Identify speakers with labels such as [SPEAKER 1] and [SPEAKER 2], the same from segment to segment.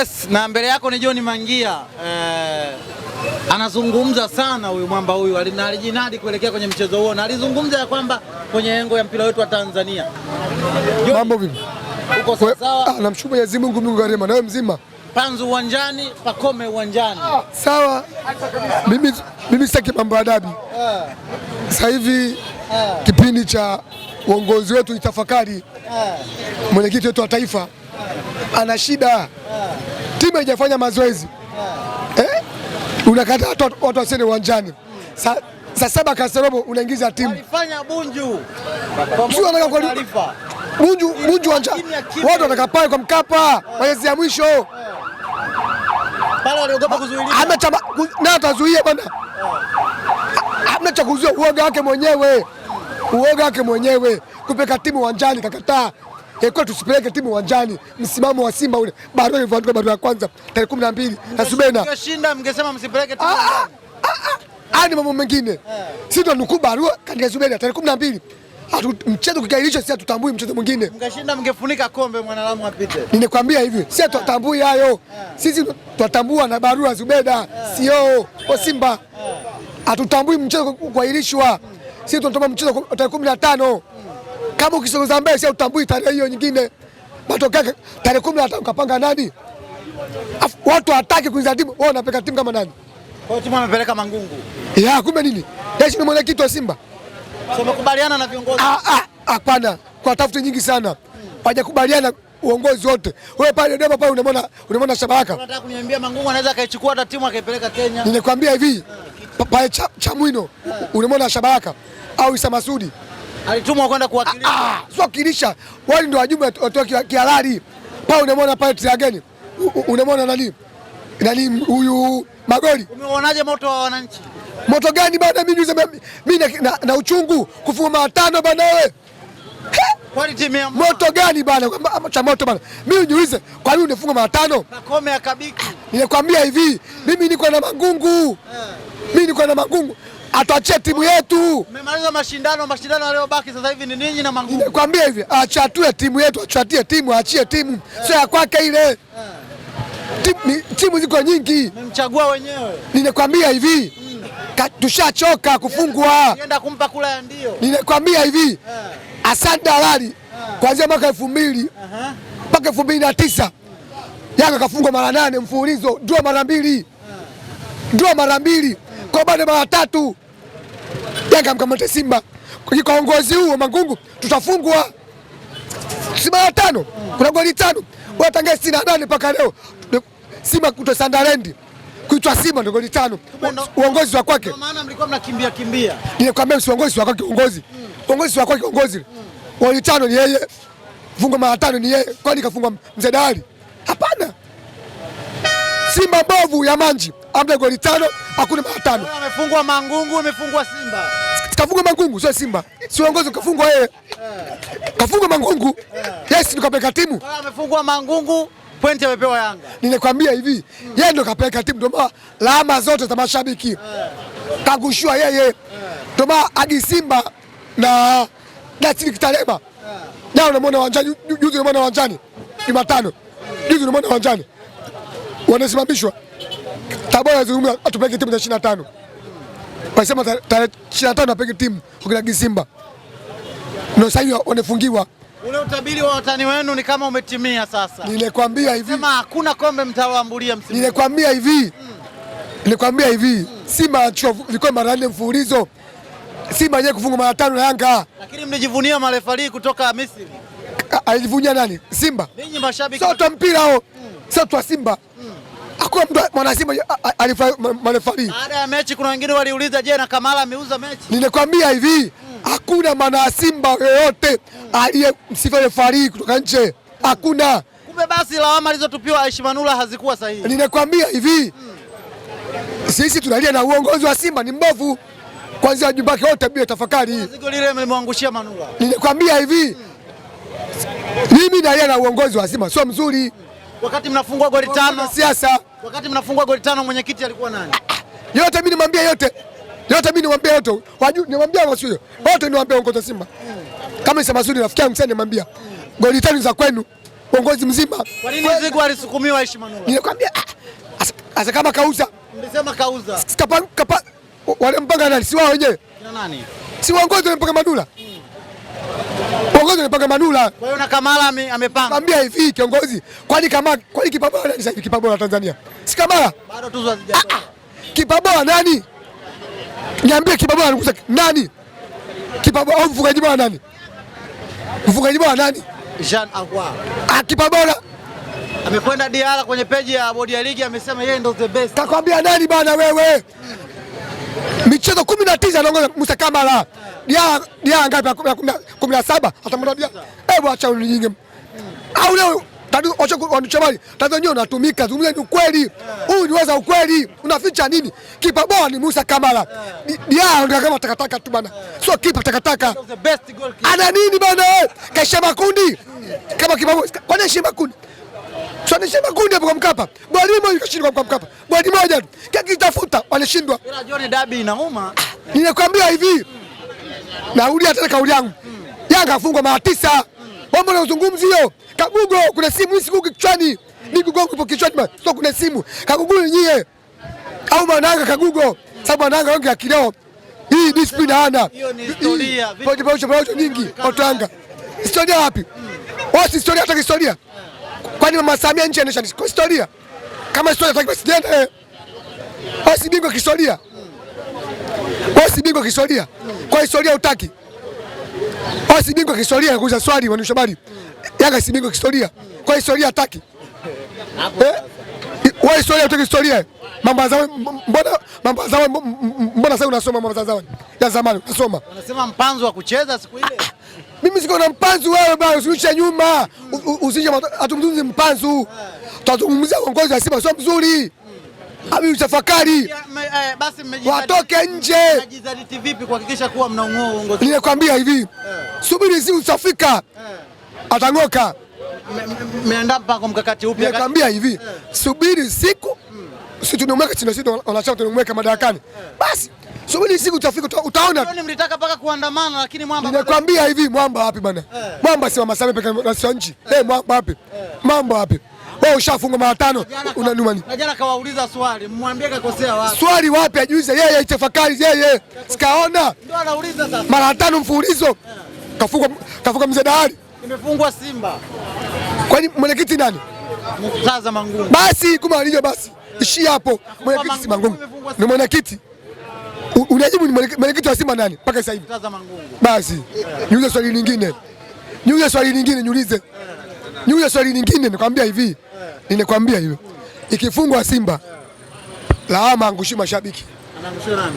[SPEAKER 1] Yes, na mbele yako ni John Mangia eh, anazungumza sana huyu mwamba huyu na alijinadi kuelekea kwenye mchezo huo na alizungumza ya kwamba kwenye engo ya mpira wetu wa Tanzania.
[SPEAKER 2] Mambo vipi? Uko sawa? Ah, namshukuru Mwenyezi Mungu, Mungu karema nawe mzima.
[SPEAKER 1] Panzu uwanjani, Pakome uwanjani. Ah,
[SPEAKER 2] sawa. Mimi mimi sitaki mambo ya dabi. Ah. Sasa hivi ah, kipindi cha uongozi wetu itafakari ah, mwenyekiti wetu wa taifa ana shida, timu haijafanya mazoezi eh? Unakataa watu wasiende uwanjani saa saba kaserobo unaingiza timu Bunju Bunju wanja watu wataka kwa Mkapa eh. maezi ya mwisho eh. na atazuia bwana, eh. hamna cha kuzuia, uoga wake mwenyewe, uoga wake mwenyewe kupeka timu uwanjani kakataa yalikuwa eh, tusipeleke timu uwanjani. Msimamo wa Simba ule, barua ilivyoandikwa, barua ya kwanza tarehe kumi na mbili na Subena
[SPEAKER 1] mngeshinda, mngesema msipeleke
[SPEAKER 2] timu ah, ah, uwanjani. Ani ah, mambo mengine eh. sisi tunanukuu barua katika Subena tarehe kumi na mbili mchezo kikailisho si hatutambui mchezo mwingine.
[SPEAKER 1] Mngeshinda mngefunika kombe mwanalamu apite.
[SPEAKER 2] Ninakwambia hivi, si eh. hatutambui hayo, sisi twatambua na barua Zubeda, sio e kwa Simba hatutambui mchezo kuahirishwa. Hmm. Sisi tunatoma mchezo tarehe kumi na tano. Kama ukisogeza mbele sio utambui tarehe hiyo nyingine. Matokeo yake tarehe 10 hata ukapanga nani? Watu hataki kuingia timu, wao wanapeka timu kama nani?
[SPEAKER 1] Kwa hiyo timu amepeleka Mangungu.
[SPEAKER 2] Ya, kumbe nini? Yeshi ni mwenyekiti wa Simba.
[SPEAKER 1] So makubaliana na viongozi.
[SPEAKER 2] Ah ah, hapana. Kwa tafuti nyingi sana. Hawajakubaliana uongozi wote. Wewe pale Dodoma pale unamwona unamwona Shabaka.
[SPEAKER 1] Unataka kuniambia Mangungu anaweza akaichukua hata timu akaipeleka Kenya.
[SPEAKER 2] Nimekwambia hivi. Pale cha, Chamwino eh. unamwona Shabaka au Isa Masudi. Alitumwa kwenda kuwakilisha. Ah, ah, sio kuwakilisha. Wale ndio wajumbe watoke kihalali. pa, unamwona pale Tiageni. Unamwona nani? Nani huyu Magoli?
[SPEAKER 1] Umeonaje moto wa wananchi?
[SPEAKER 2] Moto gani bana? Mimi mimi na, na, na uchungu kufuma tano bana wewe. Moto gani bana? Cha moto bana. Mimi niulize, kwa nini unafunga mara tano?
[SPEAKER 1] Pakome akabiki.
[SPEAKER 2] Nilikwambia hivi, mimi niko na mangungu. Eh. Mimi niko na mangungu atuachie timu yetu.
[SPEAKER 1] Mmemaliza mashindano, mashindano yaliyobaki sasa hivi ni ninyi na Mangungu.
[SPEAKER 2] Nikwambie hivi, achatue timu yetu, achatie timu, achie timu, eh. sio ya kwake ile. Eh. Timu, timu ziko nyingi,
[SPEAKER 1] mmemchagua wenyewe.
[SPEAKER 2] Ninakwambia hivi mm. tushachoka kufungwa.
[SPEAKER 1] Nienda kumpa kula ya ndio.
[SPEAKER 2] Ninakwambia hivi yeah. Hassan Dalali yeah. kuanzia mwaka elfu mbili mpaka 2009 mbili Yanga kafungwa mara nane mfululizo, draw mara mbili, eh. draw mara mbili, kwa bado mara tatu mtaka mkamate Simba kwa uongozi huu wa Mangungu, tutafungwa Simba ya tano, kuna goli tano tangia sitini na nane mpaka leo Simba kuto Sandarendi kuitwa Simba ndo goli tano. Uongozi wa kwake
[SPEAKER 1] maana mlikuwa mnakimbia kimbia,
[SPEAKER 2] nilikwambia uongozi wa kwake uongozi uongozi wa kwake uongozi goli tano ni yeye, funga mara tano ni yeye, kwani kafungwa mzee Dali? Hapana, Simba mbovu ya manji amna goli tano, hakuna mara tano,
[SPEAKER 1] amefungwa Mangungu, amefungwa Simba.
[SPEAKER 2] Kafungwa Mangungu sio Simba. Si uongozi kafungwa yeye, Kafungwa Mangungu. Yes, ndo kapeka timu.
[SPEAKER 1] Ah, amefungwa Mangungu. Pointi amepewa Yanga.
[SPEAKER 2] Ninakwambia hivi, yeye ndo kapeka timu ndo maana laama zote za mashabiki. Kagushua yeye. Ndo maana hadi Simba na Dati Kitaleba. Leo unamwona uwanjani, juzi unamwona uwanjani. Jumatano. Juzi unamwona uwanjani. Wanasimamishwa. Tabora zungumza atupeke timu za 25 walisema tarehe 25 na tano timu kwa Simba, ndio sasa hivi wanafungiwa.
[SPEAKER 1] Ule utabiri wa watani wenu ni kama umetimia sasa.
[SPEAKER 2] Nilikwambia hivi.
[SPEAKER 1] Sema hakuna kombe mtawaambulia msimu.
[SPEAKER 2] Nilikwambia hivi. Nilikwambia hivi. Simba anachukua vikombe mara nne mfululizo. Simba yeye kufunga mara tano na Yanga.
[SPEAKER 1] Lakini mnijivunia marefali kutoka Misri.
[SPEAKER 2] Alijivunia nani? Simba.
[SPEAKER 1] Ninyi mashabiki.
[SPEAKER 2] Sio tu mpira hao. Mm. Sio tu Simba hakuwa mwanasimba marefari.
[SPEAKER 1] Baada ya mechi, kuna wengine waliuliza, je, na Kamala ameuza mechi?
[SPEAKER 2] Ninakwambia hivi, hakuna mwanasimba yoyote aliyemsifa refari kutoka nje, hakuna.
[SPEAKER 1] Kumbe basi lawama alizotupiwa Aishi Manula hazikuwa sahihi.
[SPEAKER 2] Ninakwambia hivi, sisi tunalia na uongozi wa Simba ni mbovu kwanza jumbake wote bila tafakari.
[SPEAKER 1] Zigo lile mlimwangushia Manula.
[SPEAKER 2] Ninakwambia hivi. Mimi nalia na uongozi wa Simba sio mzuri.
[SPEAKER 1] Wakati mnafungua goli tano. Siasa. Wakati mnafungua goli tano mwenyekiti alikuwa nani?
[SPEAKER 2] Yote mimi nimwambia yote. Yote mimi nimwambia yote. Wajua nimwambia na sio. Wote niwaambia uongozi Simba. Hmm. Kama sema Sudi rafiki yangu sana nimwambia. Hmm. Goli tano za kwenu. Uongozi mzima.
[SPEAKER 1] Kwa nini Zigu alisukumiwa heshima nuru?
[SPEAKER 2] Nilikwambia ah. ah asa kama kauza.
[SPEAKER 1] Mlisema kauza.
[SPEAKER 2] Sikapa kapa wale mpanga nani? Si wao wenyewe. Kina nani? Si uongozi mpanga Manula. Hmm. Uongozi mpanga Manula.
[SPEAKER 1] Kwa hiyo na Kamala amepanga.
[SPEAKER 2] Niambia hivi kiongozi, kwani kama kwani kipabora ni sasa kipabola Tanzania? Sikabala bado tuzo hazijatoka. Ah, ah. Kipaboa nani? Niambie kipaboa anakuza nani? Kipaboa au mfungaji bora nani? Mfungaji bora nani?
[SPEAKER 1] Jean Ahoua.
[SPEAKER 2] Ah, kipaboa
[SPEAKER 1] amekwenda Diara kwenye peji ya bodi ya ligi amesema yeye ndo the best.
[SPEAKER 2] Takwambia nani bana wewe? Michezo 19 anaongoza Musa Kamara. Diara Diara ngapi? 17. Atamwambia, "Hebu acha uninyinge." Au leo Tadu ocho wanichabali tatu nyo unatumika, zungumza ni ukweli huu, ni waza ukweli, unaficha nini? Kipa bora ni Musa Kamara, dia ndio kama takataka tu bana, sio kipa takataka. Ana nini bana? Kaisha makundi kama kipa, bora. kwa nini shima kundi sio ni shima kundi hapo kwa Mkapa, goli moja ikashindwa kwa Mkapa, goli moja tu kitafuta walishindwa.
[SPEAKER 1] Ila jioni dabi inauma,
[SPEAKER 2] ah, ninakwambia hivi, narudia tena kauli yangu, hmm. Yanga afungwa mara tisa, hmm. bomba na uzungumzio Kagugo, kuna simu hii siku kichwani. Ni Google ipo kichwani ma. Sio kuna simu. Kagugo nyie. Au mwananga Kagugo. Sababu mwananga wengi akileo. Hii discipline hana.
[SPEAKER 1] Hiyo ni historia.
[SPEAKER 2] Pote pote pote nyingi. Otanga. Historia wapi? Wasi historia hata historia. Kwani Mama Samia nchi anaisha ni historia. Kama historia hataki basi jenda. Wasi bingo kihistoria. Wasi bingo kihistoria. Kwa historia utaki. Wasi bingo kihistoria kuuliza swali wanishabari. Yanga si bingo kihistoria. Kwa historia hataki. Eh? Wewe historia utaki historia. Mambo ya mbona mambo ya mbona sasa unasoma mambo ya zamani? Ya zamani unasoma.
[SPEAKER 1] Unasema mpanzo wa kucheza siku ile.
[SPEAKER 2] Mimi siko na mpanzo wewe bwana, usirudishe nyuma. Usije atumzungumzie mpanzo. Tutazungumzia uongozi wa Simba sio mzuri. Abi utafakari. Eh, basi mmejizatiti. Watoke nje.
[SPEAKER 1] Mmejizatiti vipi kuhakikisha kuwa mnaongoa
[SPEAKER 2] uongozi? Nilikwambia hivi. Eh. Subiri zi utafika. Eh atang'oka.
[SPEAKER 1] Mmeandaa mpango mkakati upi?
[SPEAKER 2] Nikaambia hivi, yeah. subiri siku mm. Si tunamweka chini, sisi wanachama tunamweka madarakani, yeah. basi subiri siku utafika, utaona.
[SPEAKER 1] Ni Mlitaka mpaka kuandamana, lakini mwamba,
[SPEAKER 2] ninakwambia hivi, mwamba wapi bwana? Yeah. Mwamba si wa Masame peke yake na sio nchi. Eh, hey, eh, mwamba wapi? Yeah. Mwamba wapi? Wewe ushafunga mara tano, unanuma
[SPEAKER 1] nini? Na jana kawauliza swali, mmwambie kakosea wapi?
[SPEAKER 2] Swali wapi? Ajuze yeye, itafakari yeye, sikaona.
[SPEAKER 1] Ndio anauliza sasa,
[SPEAKER 2] mara tano mfululizo eh. Kafuka kafuka mzee Dahari.
[SPEAKER 1] Imefungwa Simba.
[SPEAKER 2] Kwani mwenyekiti nani?
[SPEAKER 1] Murtaza Mangungu.
[SPEAKER 2] Basi kuma alivyo basi. Ishi hapo. Mwenyekiti si Mangungu. Ni mwenyekiti. Unajibu ni mwenyekiti wa Simba nani mpaka sasa hivi? Murtaza Mangungu. Basi. Niulize swali lingine. Niulize swali lingine niulize. Niulize swali lingine nikwambia hivi. Eh. Ninakwambia hivyo. Ikifungwa Simba, laama angushi mashabiki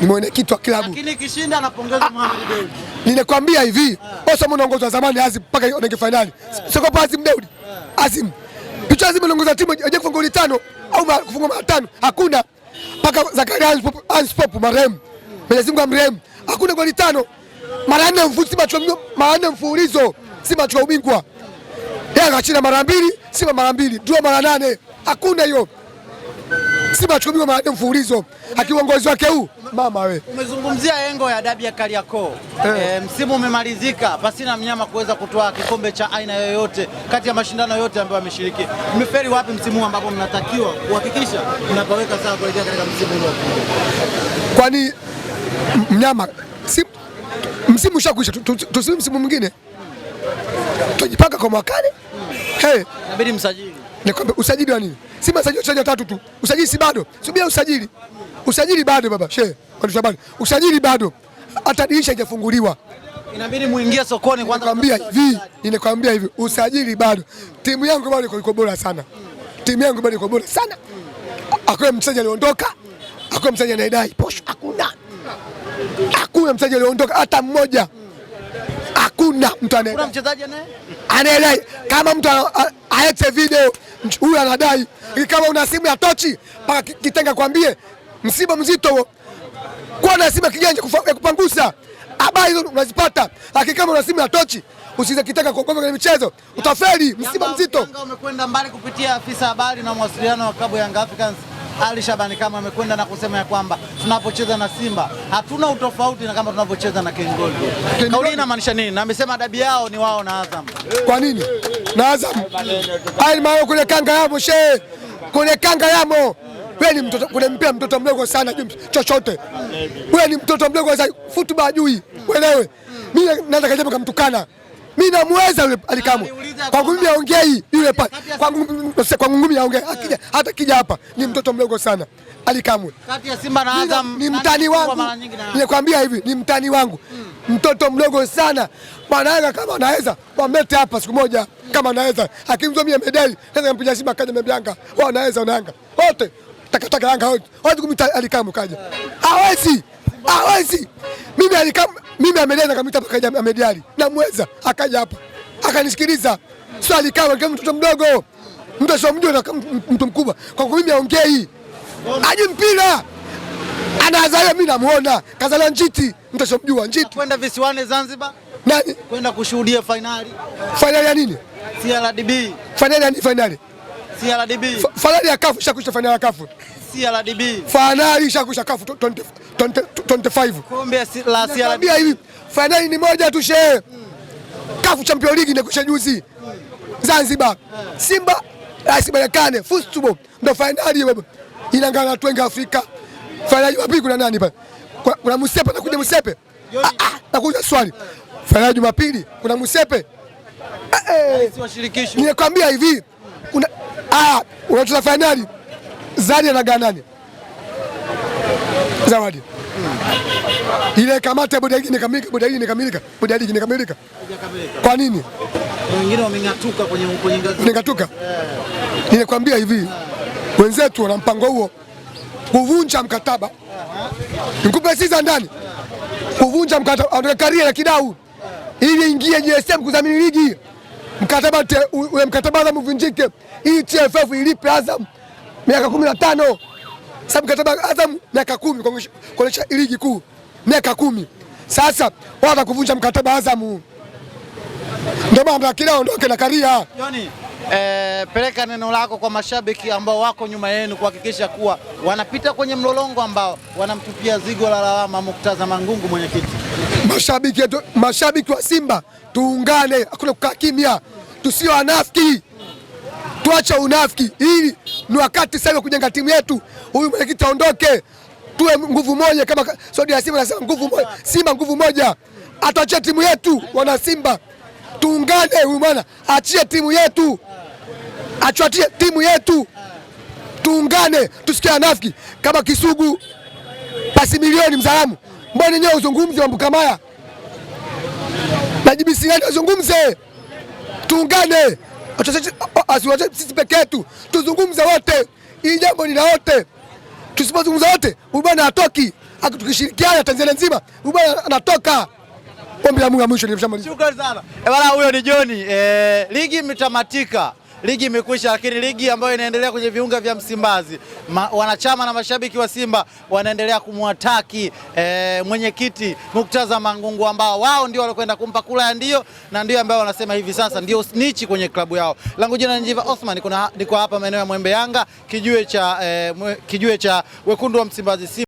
[SPEAKER 2] ni mwenyekiti wa klabu.
[SPEAKER 1] Lakini kishinda anapongeza Mohamed Dewji.
[SPEAKER 2] Ninakwambia hivi, Osman anaongoza zamani Azim mpaka ioneke finali. Sio kwa Azim Dewji. Azim. Picha Azim anaongoza timu hajaje kufunga goli tano au kufunga mara tano. Hakuna. Paka Zakaria Anspop marehemu. Mwenyezi Mungu amrehemu. Hakuna goli tano. Mara nne mfululizo, mara nne mfululizo. Simba chukua ubingwa. Yanga china mara mbili, Simba mara mbili, draw mara nane. Hakuna hiyo. Simba achukuliwa mara mfululizo akiongozi wake huu mama we.
[SPEAKER 1] Umezungumzia engo ya dabi ya Kariakoo eh. E, msimu umemalizika pasina mnyama kuweza kutoa kikombe cha aina yoyote kati ya mashindano yote ambayo ameshiriki. Mmeferi wapi msimu huu ambapo mnatakiwa kuhakikisha mnapaweka sawa kuelekea katika msimu unaokuja?
[SPEAKER 2] Kwani mnyama si, msimu ushakwisha, tusii msimu mwingine tujipanga kwa mwakani. Hmm. Hey.
[SPEAKER 1] Inabidi msajili
[SPEAKER 2] ni usajili wa nini? Simba sajili wachezaji watatu tu, usajili si bado, subia usajili, usajili bado baba shehe, usajili bado, hata dirisha haijafunguliwa
[SPEAKER 1] inabidi muingie sokoni
[SPEAKER 2] kwanza. Nikwambia hivi, ninakwambia hivi, usajili bado. Timu yangu bado iko bora sana, timu yangu bado iko bora sana. Akwe mchezaji aliondoka, Akwe mchezaji anaidai posho, hakuna, hakuna mchezaji aliondoka hata mmoja, hakuna mtu
[SPEAKER 1] anaye. Kuna mchezaji anaye?
[SPEAKER 2] anayedai kama mtu aete video huyu anadai. Kama una simu ya tochi mpaka kitenga kwambie msiba mzito, kuwa na simu ya kijanja ya kupangusa, habari hizo unazipata, lakini kama una simu ya tochi usize kitenga kwa kwenye michezo utafeli. Msiba mzito.
[SPEAKER 1] Yanga umekwenda mbali kupitia afisa habari na mawasiliano wa klabu Young Africans ali Shabani kama amekwenda na kusema ya kwamba tunapocheza na Simba hatuna utofauti na kama tunapocheza na Kengoli. Kauli inamaanisha nini? Na amesema adabu yao ni wao na Azam.
[SPEAKER 2] Kwa nini? Na Azam. Hai mayo kule kanga yamo she. Kule kanga yamo. Wewe ni mtoto kule mpia mtoto mdogo sana chochote. Wewe ni mtoto mdogo sana, futuba ajui. Uelewe. Mimi nataka japo kamtukana mimi yule Alikamwe kwa ngumi hii yule pale, kwa ngumi aongei eh. akija, hata kija hapa ni mtoto mdogo sana. Alikamwe ni mtani wangu, nimekwambia hivi, ni mtani wangu, hmm. mtoto mdogo sana bwana. Kama anaweza wamlete hapa siku moja, hmm. kama anaweza akimzwa mimi medali, naweza kumpiga Simba kaja mbianga wao anaweza na Yanga wote takataka Yanga wote wote kumita Alikamwe kaja eh. hawezi Ah, hawezi. Mimi alikam mimi amedai na kamita pakaja amediali na mweza akaja hapa akanisikiliza, sio alikawa kama mtoto mdogo, mtu asiomjua na mtu mkubwa. Kwa kuwa mimi aongei aje mpira anazaliwa, mimi namuona kazaliwa njiti, mtu asiomjua njiti.
[SPEAKER 1] Kwenda visiwani Zanzibar nani kwenda kushuhudia finali.
[SPEAKER 2] Finali ya nini? CRDB. Finali ya nini? Finali CRDB. Finali ya kafu, shakwisha finali ya kafu
[SPEAKER 1] CRDB.
[SPEAKER 2] Fainali ishakwisha kafu 25.
[SPEAKER 1] Kombe la
[SPEAKER 2] CRDB. Fainali ni moja tu shehe. Kafu Champions League inakuisha juzi. Zanzibar. Simba RS Berkane football ndo fainali wewe. Inangana watu wengi Afrika. Fainali wapi kuna nani pale? Kuna Musepe anakuja Musepe. Ah ah, nakuja swali. Fainali Jumapili kuna Musepe. Eh, eh. Nimekwambia hivi. Kuna ah, unacheza fainali Tanzania anagaa nani? Zawadi ile kamata bodi hii nikamilika, bodi hii nikamilika, bodi hii nikamilika. Kwa nini
[SPEAKER 1] wengine wamengatuka kwenye kwenye
[SPEAKER 2] ngazi? Ningatuka, ninakwambia hivi, wenzetu wana mpango huo, kuvunja mkataba. Nikupe sisi ndani, kuvunja mkataba, aondoke karia ya kidau ili ingie JSM kudhamini ligi, mkataba ule mkataba Azam uvunjike, ili TFF ilipe Azam miaka kumi na tano sababu mkataba Azam miaka kumi kuonesha ligi kuu miaka kumi Sasa watakuvunja mkataba Azam, ndio maana kila aondoke na Karia
[SPEAKER 1] Joni. E, eh, peleka neno lako kwa mashabiki ambao wako nyuma yenu kuhakikisha kuwa wanapita kwenye mlolongo ambao wanamtupia zigo la lawama Murtaza Mangungu, mwenyekiti.
[SPEAKER 2] Mashabiki mashabiki wa Simba tuungane, hakuna kukaa kimya, tusio anafiki, tuache unafiki ili ni wakati sasa kujenga timu yetu, huyu mwenyekiti aondoke, tuwe nguvu moja kama Sodi ya Simba anasema nguvu moja, Simba nguvu moja, atuachie timu yetu. Wana Simba tuungane, huyu mwana achie timu yetu, achuatie timu yetu, tuungane, tusikie anafiki kama Kisugu pasi milioni mzalamu mbona nyewe uzungumze wa Mbukamaya na jibisi Uzungumze, tuungane asiwache sisi peke yetu, tuzungumze wote. Hii jambo ni la wote, tusipozungumza wote ubwana hatoki. Tukishirikiana Tanzania nzima ubwana anatoka. Ombi la Mungu mwisho,
[SPEAKER 1] nimeshamaliza. Shukrani sana bwana. Eh, huyo ni John. Eh, ligi imetamatika ligi imekwisha, lakini ligi ambayo inaendelea kwenye viunga vya Msimbazi Ma, wanachama na mashabiki wa Simba wanaendelea kumwataki e, mwenyekiti Muktaza Mangungu ambao wao ndio walikwenda kumpa kula ya ndio na ndio ambao wanasema hivi sasa ndio snichi kwenye klabu yao. Langu jina Njiva Osman, niko hapa maeneo ya Mwembe Yanga kijue cha, eh, e, kijue cha wekundu wa Msimbazi Simba.